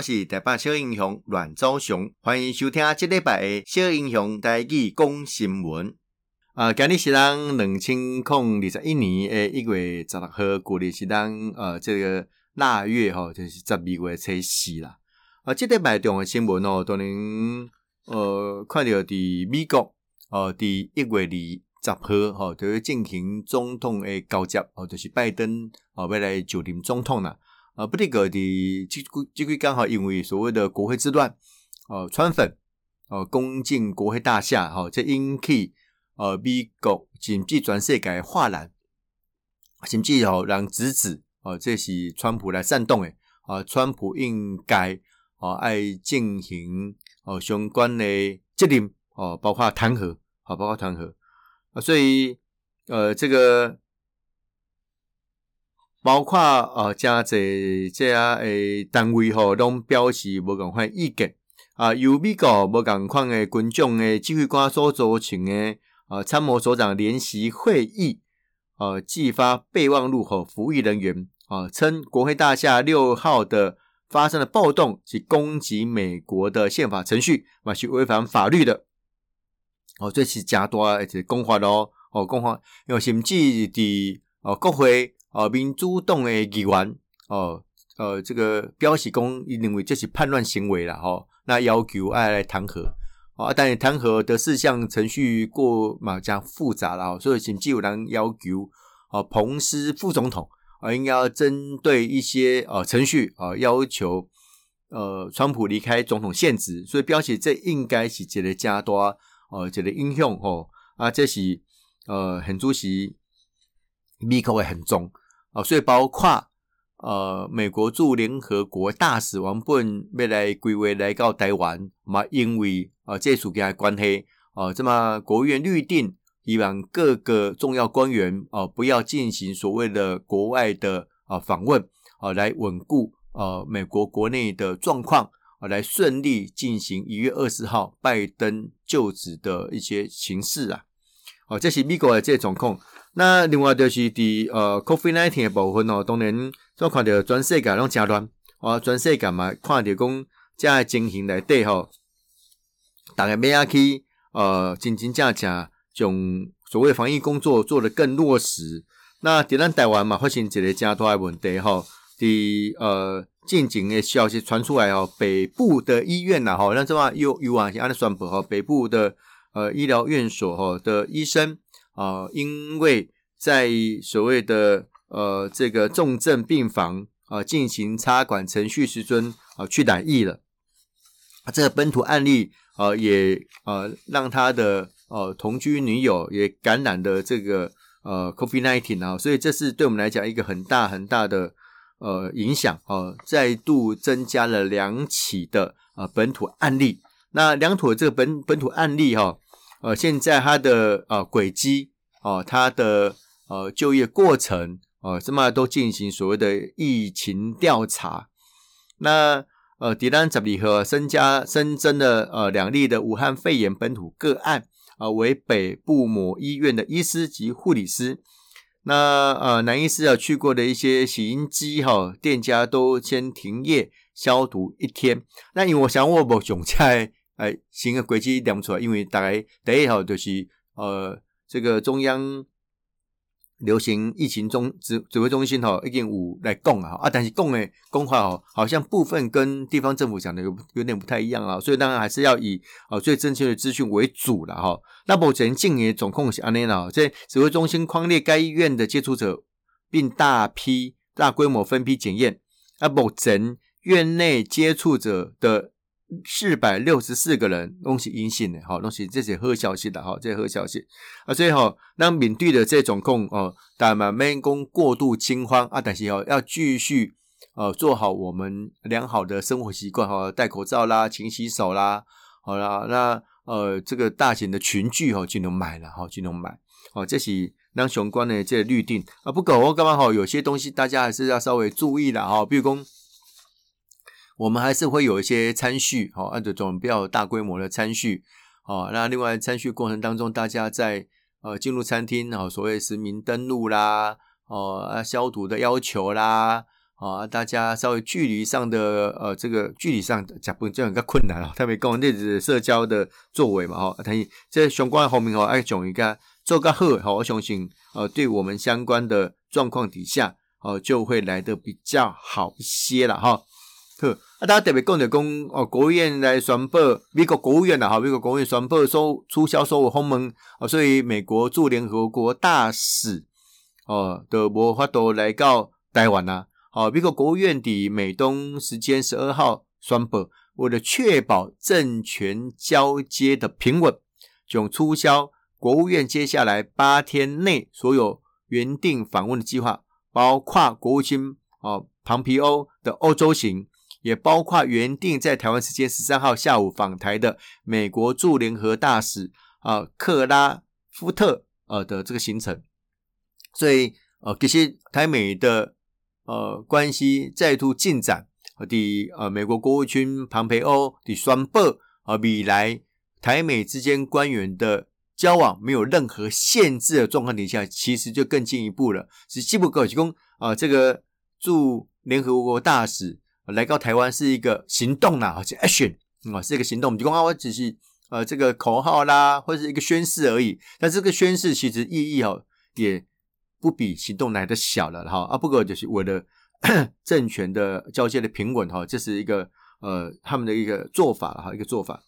我是台北小英雄阮祖雄，歡迎收聽即禮拜的小英雄台語講新聞。啊，今日是咱兩千零二十一年的一月十六號，舊曆是咱呃這個臘月哈、哦，就是十二月初四啦。啊、呃，這禮拜兩個新聞哦，都能呃看到在美國、呃、在哦，一月二十號哈，就要、是、進行總統的交接，哦，就是拜登哦，未來就任總統啦。啊，布利格的機規機規剛好因為所謂的國會之亂，哦、啊，川粉哦、啊、攻進國會大廈哈、啊，這引起呃美國甚至全世界嘩然，甚至然讓直指哦、啊，這是川普來煽動誒，啊，川普應該啊要進行哦、啊、相關的責任哦，包括彈劾，啊，包括彈劾啊，所以呃這個。包括呃，加在這啊，誒，單位吼、哦，攏表示無同款意見啊、呃。由美國無同款誒群眾誒，指揮官所組成誒呃參謀所長聯席會議呃，寄發備忘錄吼，服役人員啊、呃、稱國會大廈六號的發生了暴動，是攻擊美國的憲法程序，嘛，是違反法律的。哦，這是加大而且公法咯，哦，公法，因為甚至佇哦國會。哦，民主黨的議員哦、呃，呃，這個表示講，認為這是叛亂行為了吼、哦，那要求愛來彈劾啊、哦，但是彈劾的事項程序過嘛，加複雜了，所以，甚至有人要求呃，彭斯副總統啊，應該要針對一些呃，程序啊、呃，要求呃，川普離開總統現職。所以，表示這應該是起得加多呃，起得影響吼、哦，啊，這是呃，很主席，味克會很重。啊、哦，所以包括呃，美國駐聯合國大使王本未來歸位來到台灣嘛，因為啊、呃，這屬給他關係啊、呃，這麼國務院律定，以往各個重要官員啊、呃，不要進行所謂的國外的啊、呃、訪問啊、呃，來穩固呃美國國內的狀況啊、呃，來順利進行一月二十號拜登就職的一些形式啊，好、呃、這是美國的這種控那另外就是第呃，COVID-19 的部分哦，當然這款看到全世界攏加亂哦，全世界嘛，看到講的情形來對吼，大概每下去呃，真真正正，將所謂防疫工作做得更落實。那在咱台灣嘛，發生一個加大的問題吼，的呃，進近的消息傳出來哦，北部的醫院吶吼，那這款又又是安利雙北吼，北部的呃醫療院所吼的醫生。啊、呃，因為在所謂的呃這個重症病房啊、呃、進行插管程序時尊，尊、呃、啊去染疫了，這個本土案例啊、呃、也啊、呃、讓他的呃同居女友也感染了這個呃 COVID-19 啊，所以這是對我們來講一個很大很大的呃影響啊，再度增加了兩起的啊、呃、本土案例，那兩妥這個本本土案例哈。啊呃，現在他的呃軌跡哦、呃，他的呃就業過程啊，這、呃、麼都進行所謂的疫情調查。那呃，迪蘭扎里和身家新增的呃兩例的武漢肺炎本土個案，啊、呃，為北部某醫院的醫師及護理師。那呃，男醫師啊去過的一些洗衣機哈、啊、店家都先停業消毒一天。那因為我想，我不總在。哎，行個軌跡量不出來，因為大概第一號就是呃，這個中央流行疫情中指指揮中心吼已經有來講啊，啊，但是講的講話吼，好像部分跟地方政府講的有有點不太一樣啊，所以當然還是要以啊，最正確的資訊為主了哈。那、啊、目前境也總共阿內佬這、啊、指揮中心匡列該醫院的接觸者，並大批大規模分批檢驗啊，目前院內接觸者的。四百六十四個人都是陰性的，好，都是這些好消息的，好，這些好消息啊。所以哈、哦，讓閩地的這種控，哦、呃，大家不工過度驚慌啊。但是哈、哦，要繼續呃做好我們良好的生活習慣，哈、哦，戴口罩啦，勤洗手啦。好啦，那呃這個大型的群聚哈就能買了，哈就能買，哦，這是讓相關呢這預定啊。不過我剛剛哈有些東西大家還是要稍微注意的哈，比如講。我們還是會有一些餐敘，好、啊，按照這種比較大規模的餐敘，啊，那另外餐敘過程當中，大家在呃進入餐廳，好、啊，所謂實名登錄啦，哦，啊消毒的要求啦，啊，大家稍微距離上的呃、啊、這個距離上，講不就一個困難啊，特別跟講那是社交的作為嘛，哈、啊，等於這些相關的方面哦，愛講一個做較好、啊，我相信呃、啊，對我們相關的狀況底下，哦、啊，就會來得比較好一些了，哈、啊，呵。啊！大家特別講就講哦，國務院來宣布，美國國務院吶，哈，美國國務院宣布收取消所有訪問啊，所以美國駐聯合國大使呃都無法度來到台灣啦、啊。好、啊，美國國務院的美東時間十二號宣布，為了確保政權交接的平穩，將取消國務院接下來八天內所有原定訪問的計劃，包括國務卿哦龐、啊、皮歐的歐洲行。也包括原定在台灣時間十三號下午訪台的美國駐聯合國大使啊克拉夫特呃的這個行程，所以呃，這些台美的呃關係再度進展，和第呃美國國務卿龐培歐，的雙布呃，比來台美之間官員的交往沒有任何限制的狀況底下，其實就更進一步了，是進一步提供啊這個駐聯合國大使。來到台灣是一個行動吶，啊，是 action 啊，是一個行動。我們講，我只是呃這個口號啦，或者是一個宣誓而已。但這個宣誓其實意義哦，也不比行動來的小了哈。啊，不過就是我的政權的交接的平穩哈，這是一個呃他們的一個做法哈，一個做法。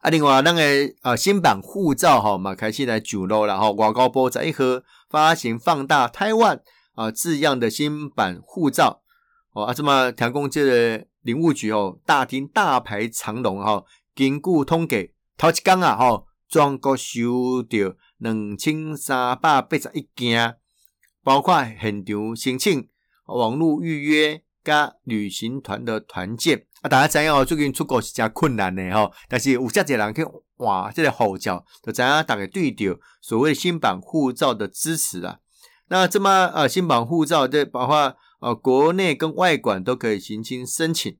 啊，另外那個呃新版護照哈，馬開信來上路了哈，外交部在一盒發行放大台灣 i 啊、呃、字樣的新版護照。哦，啊，這麼聽講這個領務局哦，大廳大排長龍哦，經過統計頭一天啊，哈，總共收到兩千三百八十一件，包括現場申請、網絡預約、甲旅行團的團建啊。大家知道哦，最近出國是真困難的哈、哦，但是有真濟人去換這個護照就知影大家對到所謂新版護照的支持啊。那這麼啊，新版護照的包括。啊、哦，國內跟外館都可以進行申請。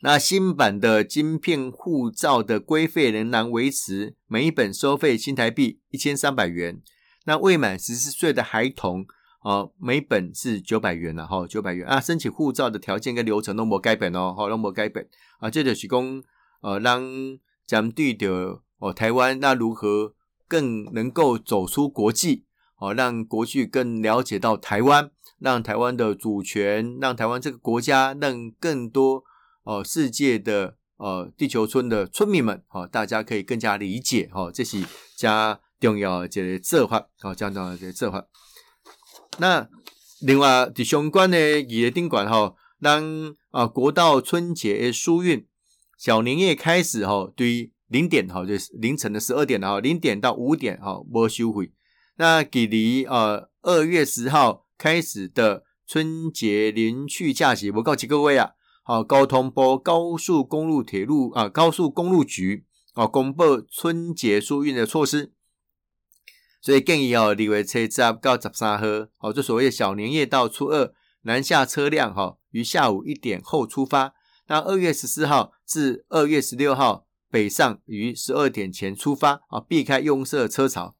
那新版的晶片護照的規費仍然維持，每一本收費新台幣一千三百元。那未滿十四歲的孩童，哦、一啊，每本是九百元了哈，九百元啊。申請護照的條件跟流程都沒改變，哦，好、哦，都沒改變。啊，這就是講，呃，讓咱們對的哦，台灣那如何更能夠走出國際？哦，讓國際更了解到台灣，讓台灣的主權，讓台灣這個國家，讓更多哦世界的呃、哦、地球村的村民們，哈、哦，大家可以更加理解，哈、哦，這是加重要一個做法，哦，加重要一個做法。那另外就相關的營業點管，哈、哦，當啊國道春節疏運，小年夜開始，哈、哦，對於零點，哈、哦，就是凌晨的十二點了，哈、哦，零點到五點，哈、哦，免收費。那距離呃二月十號開始的春節連續假期，我告訴各位啊，好，交通部高速公路鐵路啊，高速公路局啊，公布春節疏運的措施。所以建議啊，離為車次不到十三號，好、啊，這所謂小年夜到初二，南下車輛哈、啊，於下午一點後出發；那二月十四號至二月十六號北上，於十二點前出發啊，避開用塞車潮。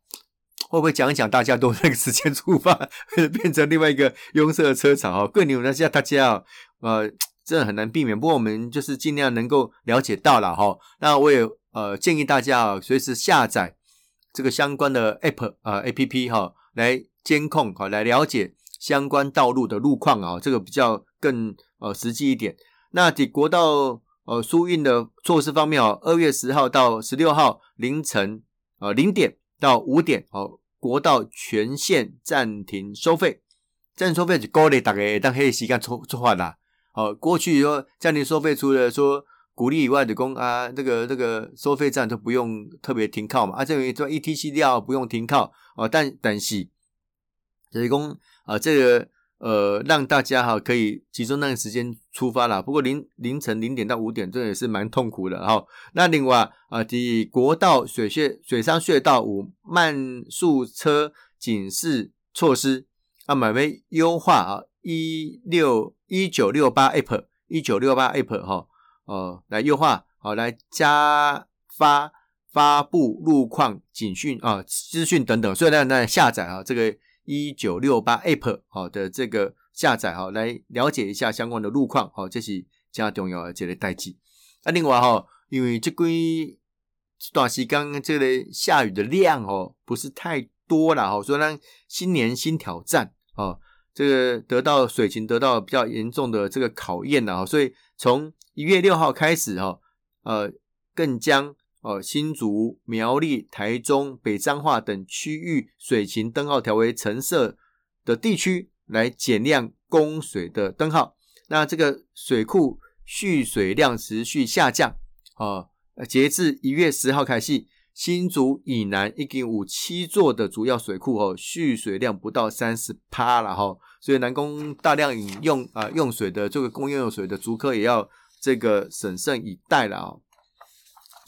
會不會講一講？大家都那個時間出發變成另外一個擁塞的車場哦，更牛的是大家啊，呃，真的很難避免。不過我們就是盡量能夠了解到了哈、哦。那我也呃建議大家啊，隨時下載這個相關的 app 啊、呃、app 哈、哦，來監控哈、哦，來了解相關道路的路況啊、哦，這個比較更呃實際一點。那在國道呃疏運的措施方面哦，二月十號到十六號凌晨呃零點，到五點，哦，國道全線暫停收費，暫停收費是鼓勵大家當黑時間出出發啦。哦，過去說暫停收費，除了說鼓勵以外的公啊，這個這個收費站都不用特別停靠嘛，啊，等於說 ETC 掉不用停靠。哦，但但是就是講啊，這個。呃，讓大家哈可以集中那個時間出發了。不過凌凌晨零點到五點，這也是蠻痛苦的哈、哦。那另外啊，第國道雪隧、雪山隧道五慢速車警示措施啊，買賣優化啊，一六一九六八 app，一九六八 app 哈、哦，哦、呃，來優化好、啊，來加發發布路況警訊啊、資訊等等，所以大那，那下載啊這個。一九六八 App 好的這個下載哈，來了解一下相關的路況好，這是較重要而且的代志。那、啊、另外哈，因為這歸段時間這個下雨的量哦，不是太多了哈，所以新年新挑戰哦，這個得到水情得到比較嚴重的這個考驗了，所以從一月六號開始哈，呃，更將。呃、哦，新竹、苗栗、台中、北彰化等區域水情燈號調為橙色的地區，來減量供水的燈號。那這個水庫蓄水量持續下降啊、哦，截至一月十號開始，新竹以南一共七座的主要水庫哦，蓄水量不到三十趴了哈。所以南宮大量引用啊、呃、用水的這個公用水的竹科也要這個審慎以待了啊、哦。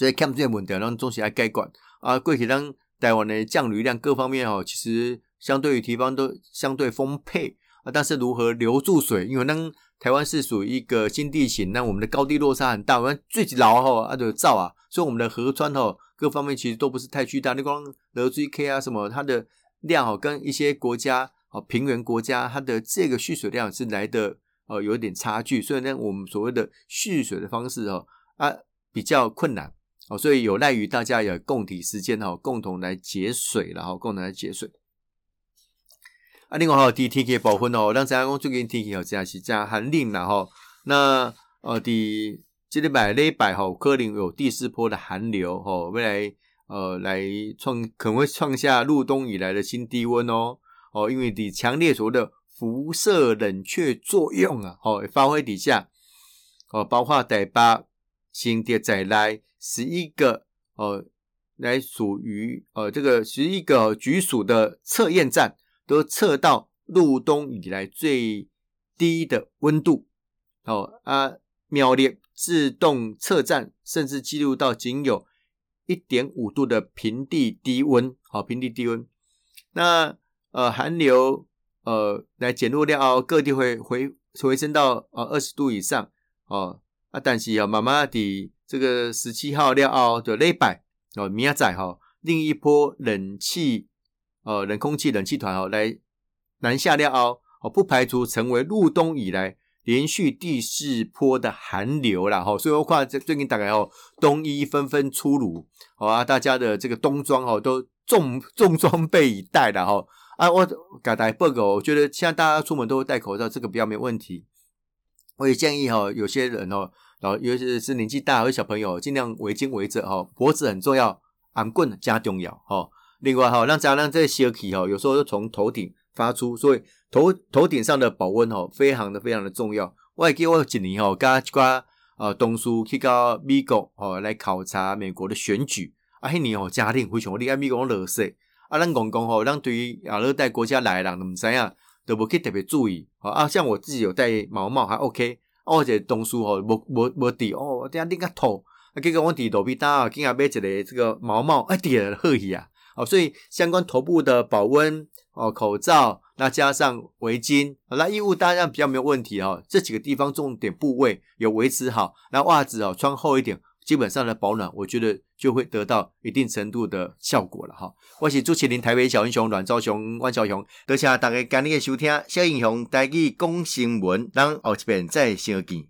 所以看不出來問題，讓中西來監管啊。過去當台灣的降雨量各方面哦，其實相對於地方都相對豐沛啊，但是如何留住水？因為當台灣是屬於一個新地形，那我們的高低落差很大。我們最老吼啊，就燥啊，所以我們的河川吼、哦、各方面其實都不是太巨大。你光得 g K 啊什麼，它的量哦跟一些國家哦平原國家，它的這個蓄水量是來的呃，有一點差距。所以呢，我們所謂的蓄水的方式哦啊比較困難。哦，所以有賴於大家有共體時艱哈、哦，共同來節水了哈，共同來節水。啊，另外還有天氣的部分哦。讓大家公最近天氣有在是講寒冷了哈。那呃第，今天這禮拜，這禮拜吼可能有第四波的寒流哦，未來呃來創可能會創下入冬以來的新低溫哦。哦，因為你強烈所謂的輻射冷卻作用啊，哦會發揮底下哦，包括台北、新店再來。十一個呃，來屬於呃這個十一個、哦、局屬的測驗站都測到入冬以來最低的溫度，哦啊，秒烈自動測站甚至記錄到僅有一點五度的平地低溫，好、哦、平地低溫。那呃寒流呃來減弱掉、哦，各地會回回，回升到呃二十度以上，哦啊，但是要慢慢的。哦媽媽這個十七號料哦就內擺哦明仔哈另一波冷氣哦冷空氣冷氣團哦來南下料哦哦不排除成為入冬以來連續第四波的寒流了哈、哦、所以我看這最近大概哦冬衣紛紛出爐好、哦、啊，大家的這個冬裝哦都重重裝備以待啦。哈、哦、啊我改改不報告，我覺得現在大家出門都會戴口罩，這個比較沒問題。我也建議哈、哦、有些人哦。然後、哦，尤其是年紀大和小朋友，盡量圍巾圍着哈，脖子很重要，寒棍加重要哈、哦。另外吼讓、哦、家讓這身氣吼有時候就從頭頂發出，所以頭頭頂上的保溫哦，非常的非常的重要。我外加我今年吼跟一個啊，同事去到美國哈、哦，來考察美國的選舉啊，那年吼、哦、家庭非常厲害，美國落雪啊，咱講講吼咱對於啊，熱帶國家來的人，都毋知影都無去特別注意、哦、啊。像我自己有戴毛帽，還、啊、OK。哦，這同事沒沒，哦，無無無滴哦，我頂下拎個套，啊，結果我滴頭皮大啊，今下買一個這個毛毛，啊，哎，滴好熱呀、啊，啊、哦，所以相關頭部的保溫哦，口罩，那加上圍巾，好、哦，那衣物當然比較沒有問題哦，這幾個地方重點部位有維持好，那襪子哦，穿厚一點。基本上的保暖，我覺得就會得到一定程度的效果了哈。我是主持人台北小英雄阮昭雄、阮昭雄，多謝大家今日的收聽小英雄台語講新聞，咱後一遍再相見。